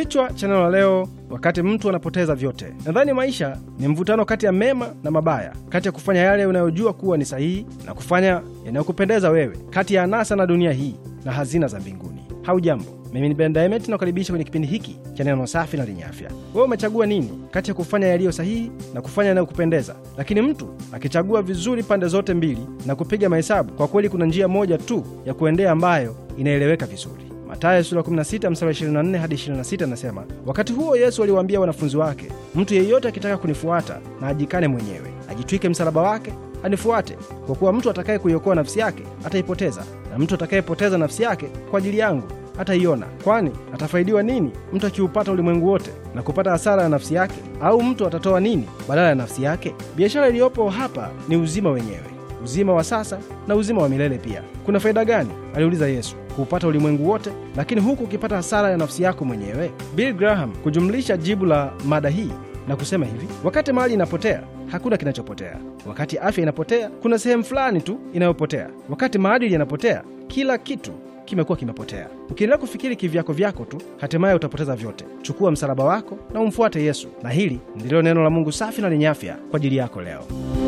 Kichwa cha neno la leo, wakati mtu anapoteza vyote. Nadhani maisha ni mvutano kati ya mema na mabaya, kati ya kufanya yale unayojua kuwa ni sahihi na kufanya yanayokupendeza wewe, kati ya anasa na dunia hii na hazina za mbinguni. jambo mimi ni Ben Daimet na kukaribisha kwenye kipindi hiki cha neno safi na lenye afya. Wewe umechagua nini kati ya kufanya yaliyo sahihi na kufanya yanayokupendeza? Lakini mtu akichagua vizuri pande zote mbili na kupiga mahesabu, kwa kweli kuna njia moja tu ya kuendea ambayo inaeleweka vizuri. Mathayo sura 16 mstari 24 hadi 26 nasema, wakati huo Yesu aliwaambia wanafunzi wake, mtu yeyote akitaka kunifuata na ajikane mwenyewe, ajitwike msalaba wake anifuate. Kwa kuwa mtu atakaye kuiokoa nafsi yake ataipoteza, na mtu atakayepoteza nafsi yake kwa ajili yangu hataiona. Kwani atafaidiwa nini mtu akiupata ulimwengu wote na kupata hasara ya nafsi yake? Au mtu atatoa nini badala ya nafsi yake? Biashara iliyopo hapa ni uzima wenyewe uzima wa sasa na uzima wa milele pia. Kuna faida gani, aliuliza Yesu, kuupata ulimwengu wote lakini huku ukipata hasara ya nafsi yako mwenyewe? Bill Graham kujumlisha jibu la mada hii na kusema hivi: wakati mali inapotea hakuna kinachopotea. Wakati afya inapotea, kuna sehemu fulani tu inayopotea. Wakati maadili yanapotea, kila kitu kimekuwa kimepotea. Ukiendelea kufikiri kivyako vyako tu, hatimaye utapoteza vyote. Chukua msalaba wako na umfuate Yesu, na hili ndilo neno la Mungu safi na lenye afya kwa ajili yako leo.